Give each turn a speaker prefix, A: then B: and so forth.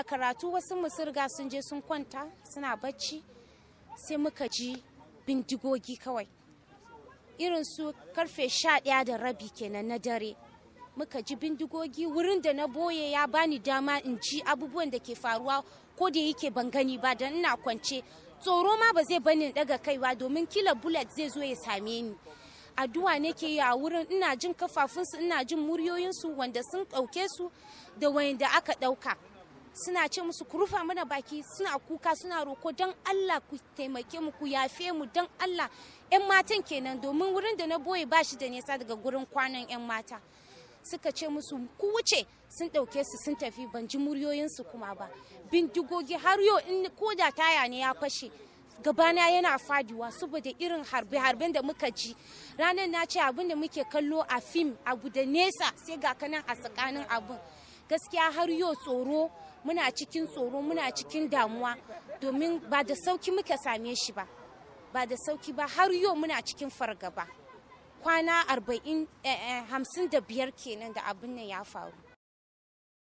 A: a karatu wasu mu sun sun je sun kwanta suna bacci sai muka ji bindigogi kawai irin su karfe sha ɗaya da rabi kenan na dare muka ji bindigogi wurin da na boye ya bani dama in ji abubuwan da ke faruwa ko da yake ban gani ba don ina kwance tsoro ma ba zai bani daga kaiwa domin kila bullet zai zo ya same ni addu'a nake yi a wurin ina jin kafafunsu ina jin muryoyinsu wanda sun ɗauke su da wanda aka ɗauka suna ce musu ku rufa mana baki suna kuka suna roko don Allah ku taimake mu ku yafe mu don Allah 'yan matan kenan domin wurin da na boye ba shi da nesa daga gurin kwanan 'yan mata suka ce musu ku wuce sun ɗauke su sun tafi ban ji muryoyinsu kuma ba bindigogi har yau in ko da taya ne ya fashe gabana yana faduwa saboda irin harbe-harben da muka ji ranar na ce abin da muke kallo a fim abu da nesa sai ga kanan a tsakanin abin gaskiya har yau tsoro muna cikin tsoro muna cikin damuwa domin ba da sauki muka same shi ba ba da sauki ba har yau muna cikin fargaba kwana arba'in eh, eh, da biyar kenan da abin nan ya faru